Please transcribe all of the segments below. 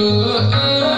Uh, uh.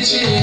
Richie.